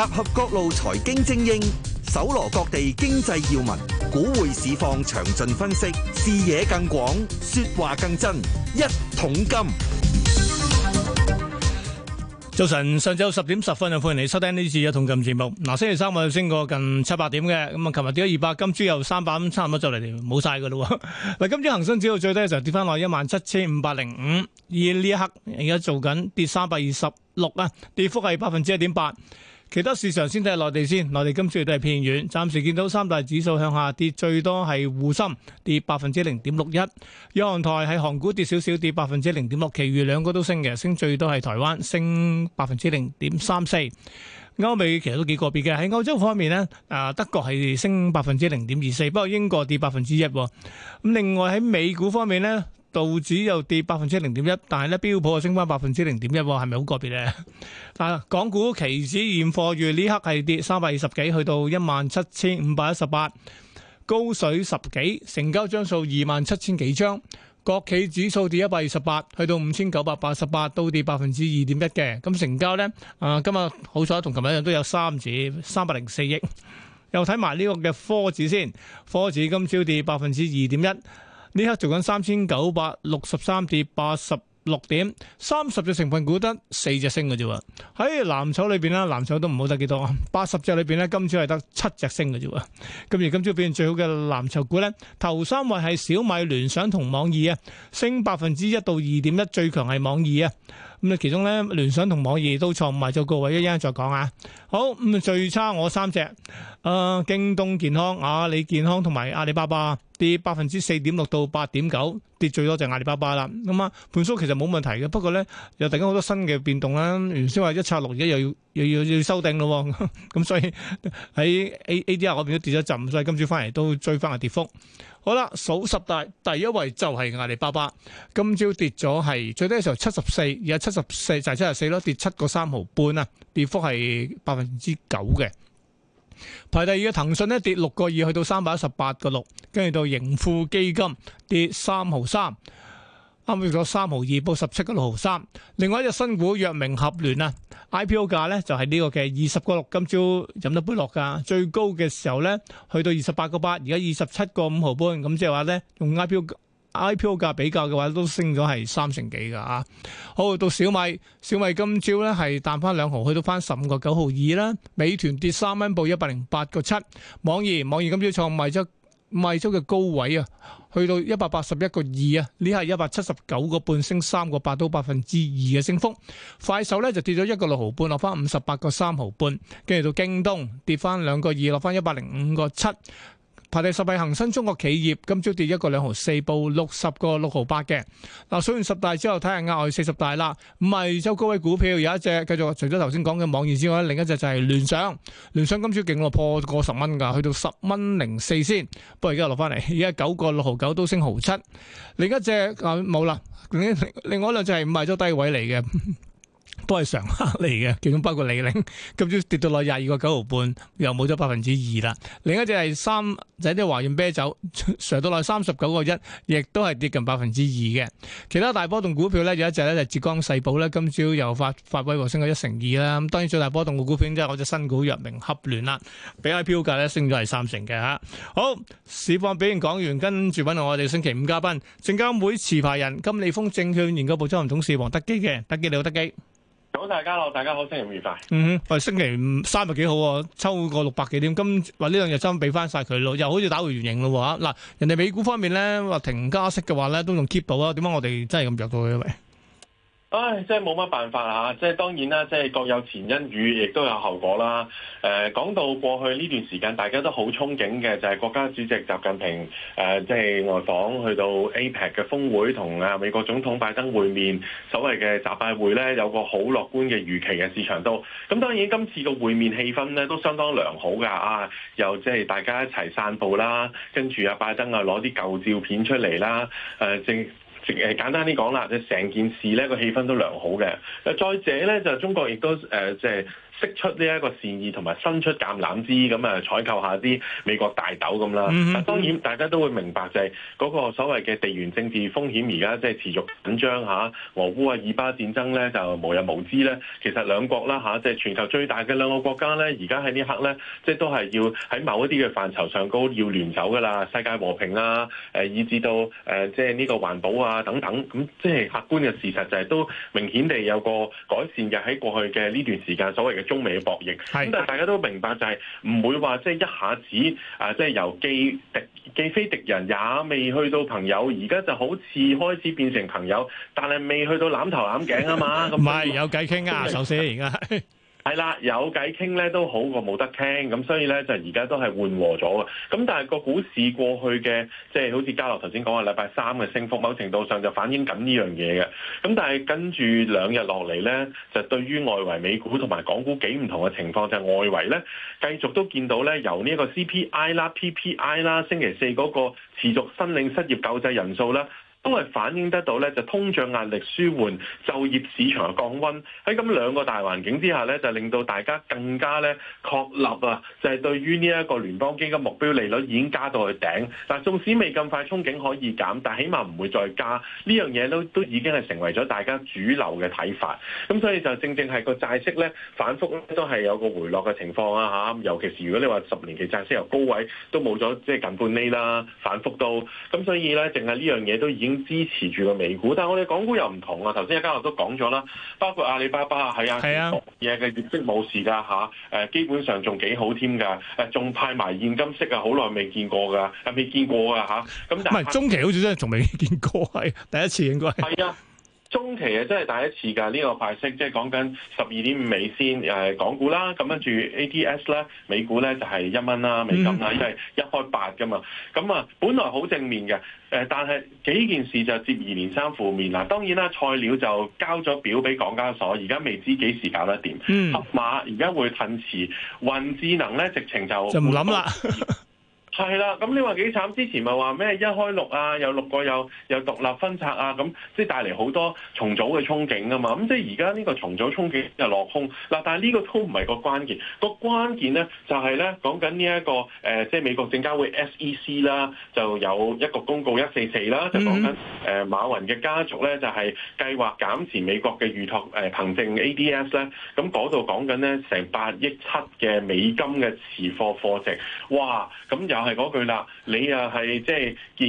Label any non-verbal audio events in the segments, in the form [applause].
集合各路財經精英，搜羅各地經濟要聞，股匯市況詳盡分析，視野更廣，說話更真。一桶金，早晨，上晝十點十分就，歡迎你收聽呢次一桶金節目。嗱，星期三我又升過近七百點嘅，咁啊，琴日跌咗二百金，今朝又三百差唔多就嚟冇晒噶啦。嗱，今朝恒生指數最低嘅時候跌翻落一萬七千五百零五，而呢一刻而家做緊跌三百二十六啊，跌幅係百分之一點八。其他市場先睇下內地先，內地今次都係偏軟，暫時見到三大指數向下跌，最多係滬深跌百分之零點六一。有台喺韓股跌少少，跌百分之零點六，其餘兩個都升嘅，升最多係台灣升百分之零點三四。歐美其實都幾個別嘅。喺歐洲方面呢，啊德國係升百分之零點二四，不過英國跌百分之一。咁另外喺美股方面呢。道指又跌百分之零點一。但係咧，標普又升翻百分之零點一，係咪好個別咧？但係港股期指現貨月呢刻係跌三百二十幾，去到一萬七千五百一十八，高水十幾，成交張數二萬七千幾張。國企指數跌一百二十八，去到五千九百八十八，都跌百分之二點一嘅。咁成交咧，啊今日好彩同琴日一樣都有三指三百零四億。又睇埋呢個嘅科指先，科指今朝跌百分之二點一。呢刻做緊三千九百六十三跌八十六點，三十隻成分股得四隻升嘅啫喎。喺藍籌裏邊咧，藍籌都唔好得幾多啊。八十隻裏邊咧，今朝係得七隻升嘅啫喎。咁而今朝表現最好嘅藍籌股咧，頭三位係小米、聯想同網易啊，升百分之一到二點一，最強係網易啊。咁啊，其中咧聯想同網易都錯唔埋咗個位，一一陣再講啊。好，咁啊，最差我三隻，啊、呃、京東健康、啊、阿里健康同埋阿里巴巴。跌百分之四點六到八點九，跌最多就係阿里巴巴啦。咁啊，盤數其實冇問題嘅，不過咧又突然好多新嘅變動啦。原先話一拆六，而家又要又要又要收定咯。咁 [laughs] 所以喺 A D R 嗰邊都跌咗一陣，所以今朝翻嚟都追翻個跌幅。好啦，數十大第一位就係阿里巴巴，今朝跌咗係最低嘅時候七十四，而家七十四就係七十四咯，跌七個三毫半啊，跌幅係百分之九嘅。排第二嘅騰訊咧，跌六個二，去到三百一十八個六，跟住到盈富基金跌三毫三，啱啱跌咗三毫二，報十七個六毫三。另外一隻新股藥明合聯啊，IPO 價咧就係呢個嘅二十個六，6，今朝飲得杯落㗎，最高嘅時候咧去到二十八個八，而家二十七個五毫半，咁即係話咧用 IPO。IPO 價比較嘅話，都升咗係三成幾㗎！好到小米，小米今朝咧係彈翻兩毫，去到翻十五個九毫二啦。美團跌三蚊，報一百零八個七。網易，網易今朝創賣咗賣出嘅高位啊，去到一百八十一個二啊，呢係一百七十九個半，升三個八，到百分之二嘅升幅。快手咧就跌咗一個六毫半，落翻五十八個三毫半。跟住到京東，跌翻兩個二，落翻一百零五個七。排第十位恒生中國企業今朝跌一個兩毫四，報六十個六毫八嘅。嗱，數完十大之後，睇下額外四十大啦。唔係周高位股票有一隻，繼續除咗頭先講嘅網易之外，另一隻就係聯想。聯想今朝勁咯，破過十蚊噶，去到十蚊零四先。不過而家落翻嚟，而家九個六毫九都升毫七。另一隻啊冇啦，另外一兩隻係賣咗低位嚟嘅。 [laughs] 都係常客嚟嘅，其中包括李寧今朝跌到落廿二個九毫半，又冇咗百分之二啦。另一隻係三就係啲華潤啤酒，上到落三十九個一，亦都係跌近百分之二嘅。其他大波動股票咧有一隻咧就是、浙江世寶咧，今朝又發發威和升咗一成二啦。咁當然最大波動嘅股票即係我隻新股藥明合聯啦，比起標價咧升咗係三成嘅吓。好，市況表現講完，跟住揾我哋星期五嘉賓，證監會持牌人金利豐證券研究部執行董事黃德幾嘅，德幾你好，德幾。好，大家好，大家好，星期五愉快。嗯哼，喂，星期五三日幾好啊？抽個六百幾點？今話呢兩日真俾翻晒佢咯，又好似打回原形咯喎。嗱、啊，人哋美股方面咧，話停加息嘅話咧，都仲 keep 到啊？點解我哋真係咁弱到佢、啊？喂唉，即係冇乜辦法啦、啊，即係當然啦，即係各有前因與，亦都有後果啦。誒、呃，講到過去呢段時間，大家都好憧憬嘅就係、是、國家主席習近平誒、呃，即係外訪去到 APEC 嘅峰會，同啊美國總統拜登會面，所謂嘅習拜會咧，有個好樂觀嘅預期嘅市場都。咁、嗯、當然今次個會面氣氛咧都相當良好㗎啊，又即係大家一齊散步啦，跟住啊拜登啊攞啲舊照片出嚟啦，誒、呃、正。誒，簡單啲講啦，即係成件事咧，個氣氛都良好嘅。誒，再者咧、呃，就中國亦都誒，即係。釋出呢一個善意同埋伸出橄欖枝，咁啊採購下啲美國大豆咁啦。Mm hmm. 但當然大家都會明白，就係嗰個所謂嘅地緣政治風險而家即係持續緊張嚇、啊。俄烏啊、以巴戰爭咧就無日無之咧。其實兩國啦嚇，即、啊、係、就是、全球最大嘅兩個國家咧，而家喺呢刻咧，即、就、係、是、都係要喺某一啲嘅範疇上高要聯手㗎喇。世界和平啊，誒以至到誒即係呢個環保啊等等，咁即係客觀嘅事實就係都明顯地有個改善嘅喺過去嘅呢段時間所謂嘅。中美嘅博弈，咁是但係大家都明白就係唔會話即係一下子啊，即係由既敵既非敵人也未去到朋友，而家就好似開始變成朋友，但係未去到攬頭攬頸啊嘛，咁係有偈傾啊，首先而家。 [laughs] 係啦，有偈傾咧都好過冇得傾，咁所以咧就而家都係緩和咗嘅。咁但係個股市過去嘅，即係好似嘉樂頭先講嘅禮拜三嘅升幅，某程度上就反映緊呢樣嘢嘅。咁但係跟住兩日落嚟咧，就對於外圍美股同埋港股幾唔同嘅情況，就係外圍咧繼續都見到咧由呢一個 CPI 啦、PPI 啦、星期四嗰個持續申領失業救濟人數啦。因為反映得到咧，就通脹壓力舒緩，就業市場嘅降溫，喺咁兩個大環境之下咧，就令到大家更加咧確立啊，就係、是、對於呢一個聯邦基金目標利率已經加到去頂。但縱使未咁快憧憬可以減，但起碼唔會再加呢樣嘢都都已經係成為咗大家主流嘅睇法。咁所以就正正係個債息咧反覆都係有個回落嘅情況啊嚇。尤其是如果你話十年期債息由高位都冇咗即係近半呢啦，反覆到咁，所以咧淨係呢樣嘢都已經。支持住個美股，但係我哋港股又唔同啊！頭先一間我都講咗啦，包括阿里巴巴啊，係啊，係啊，嘢嘅業績冇事噶嚇，誒、啊、基本上仲幾好添㗎，誒、啊、仲派埋現金息啊，好耐未見過㗎，係未見過㗎嚇，咁但係中期好似真係仲未見過，係、啊、第一次應該。 [laughs] 中期啊，真係第一次噶呢、這個派息，即係講緊十二點五美仙誒、呃、港股啦，咁跟住 ATS 啦，美股咧就係一蚊啦，美金啦，嗯、因為一開八噶嘛，咁、嗯、啊本來好正面嘅，誒、呃、但係幾件事就接二連三負面啦。當然啦，菜鳥就交咗表俾港交所，而家未知幾時搞得掂。嗯，盒馬而家會吞蝕，雲智能咧直情就唔諗啦。 [laughs] 係啦，咁你話幾慘？之前咪話咩一開六啊，有六個有有獨立分拆啊，咁即係帶嚟好多重組嘅憧憬啊嘛。咁即係而家呢個重組憧憬又落空嗱。但係呢個都唔係個關鍵，個關鍵咧就係咧講緊呢一個誒，即係美國證交會 SEC 啦，就有一個公告一四四啦，就講緊誒馬雲嘅家族咧就係計劃減持美國嘅預託誒憑證 ADS 咧。咁嗰度講緊咧成八億七嘅美金嘅持貨貨值，哇！咁有。係嗰句啦，你又係即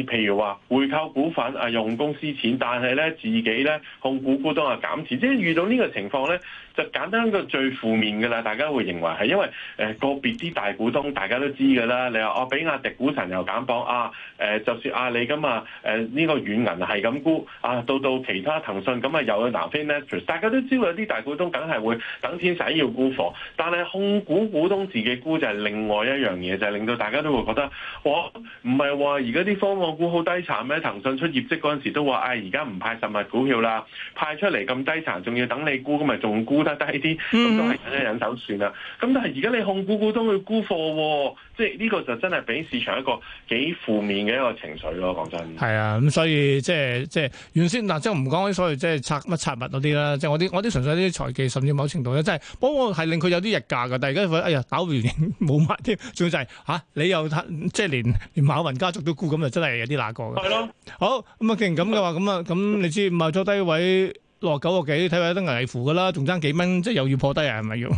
係，譬、 [noise] 就是、如話回購股份啊，用公司錢，但係咧自己咧控股股東啊減持，即係遇到呢個情況咧，就簡單個最負面噶啦，大家會認為係因為誒個別啲大股東，大家都知噶啦，你話哦比亞迪股神又減磅啊，誒、呃、就算阿里咁啊，誒呢、呃這個軟銀係咁沽啊，到到其他騰訊咁啊又去南非，大家都知道有啲大股東梗係會等錢使要沽貨，但係控股股東自己沽就係另外一樣嘢，就係、是、令到大家都會覺得。我唔係話而家啲科技股好低殘咩？騰訊出業績嗰陣時都話，唉、哎，而家唔派實物股票啦，派出嚟咁低殘，仲要等你沽，咁咪仲沽得低啲，咁都係忍手算啦。咁但係而家你控股股東去沽貨，即係呢、這個就真係俾市場一個幾負面嘅一個情緒咯。講真，係啊，咁所以即係即係原先嗱，即係唔講啲所謂即係拆乜拆物嗰啲啦，即係我啲我啲純粹啲財技，甚至某程度咧即係，不過係令佢有啲日價噶，但係、哎、 [laughs] 而家佢哎呀打完冇乜添，仲要就係吓你又,你又,、啊你又即係連連馬雲家族都沽，咁就真係有啲難過嘅。係咯， [music] 好咁啊、嗯！既然咁嘅話，咁啊咁你知唔買咗低位落九個幾，睇下得危乎噶啦，仲爭幾蚊，即係又要破低啊，係咪要？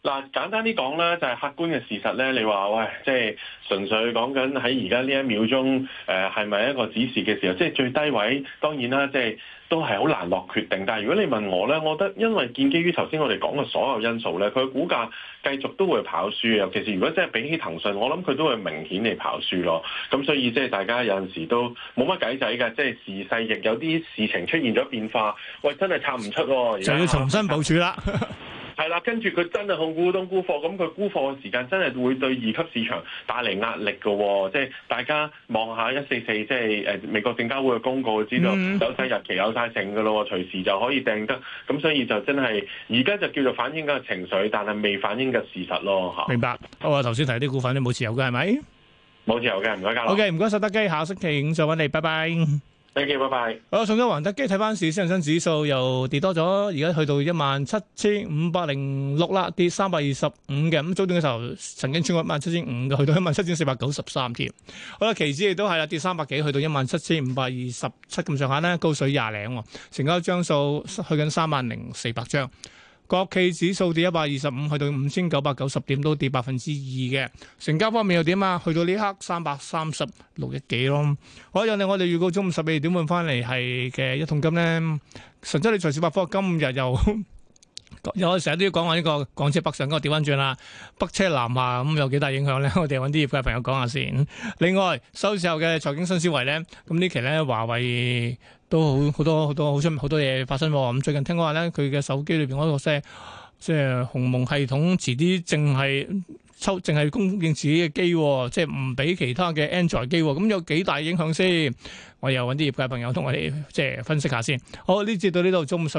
嗱，簡單啲講咧，就係客觀嘅事實咧。你話喂，即係純粹講緊喺而家呢一秒鐘，誒係咪一個指示嘅時候？即係最低位，當然啦，即係都係好難落決定。但係如果你問我咧，我覺得因為建基於頭先我哋講嘅所有因素咧，佢嘅股價繼續都會跑輸啊。尤其是如果即係比起騰訊，我諗佢都會明顯地跑輸咯。咁所以即係大家有陣時都冇乜計仔㗎。即係時勢亦有啲事情出現咗變化，喂，真係插唔出，就要重新部署啦。 [laughs] 係啦，跟住佢真係控股東沽貨，咁佢沽貨嘅時間真係會對二級市場帶嚟壓力嘅、哦，即係大家望下一四四，即係誒美國證交會嘅公告知道，有晒日期，有曬成嘅咯，隨時就可以訂得，咁所以就真係而家就叫做反映緊個情緒，但係未反映嘅事實咯。明白。好啊，頭先提啲股份你冇自由嘅係咪？冇自由嘅，唔該。OK，唔該晒，德幾，下星期五再揾你，拜拜。再見，拜拜。好，上咗黃德幾，睇翻市，恒生指數又跌多咗，而家去到一萬七千五百零六啦，跌三百二十五嘅。咁早段嘅時候曾經穿一萬七千五，就去到一萬七千四百九十三添。好啦，期指亦都係啦，跌三百幾，去到一萬七千五百二十七咁上下咧，高水廿零。成交張數去緊三萬零四百張。國企指數跌一百二十五，去到五千九百九十點，都跌百分之二嘅。成交方面又點啊？去到呢一刻三百三十六億幾咯。好，有你我哋預告中午十二點半翻嚟係嘅一桶金咧。神州理財市百科今日又。 [laughs] 我成日都要講話呢個港車北上，嗰個調翻轉啦，北車南下咁有幾大影響咧？ [laughs] 我哋揾啲業界朋友講下先。另外收市後嘅財經新思維咧，咁呢期咧華為都好好多好多好出好多嘢發生喎。咁最近聽講話咧，佢嘅手機裏邊嗰個聲即係鴻蒙系統，遲啲淨係抽淨係供應自己嘅機，即係唔俾其他嘅 Android 機。咁有幾大影響先？我又揾啲業界朋友同我哋即係分析下先。好，呢節到呢度中午。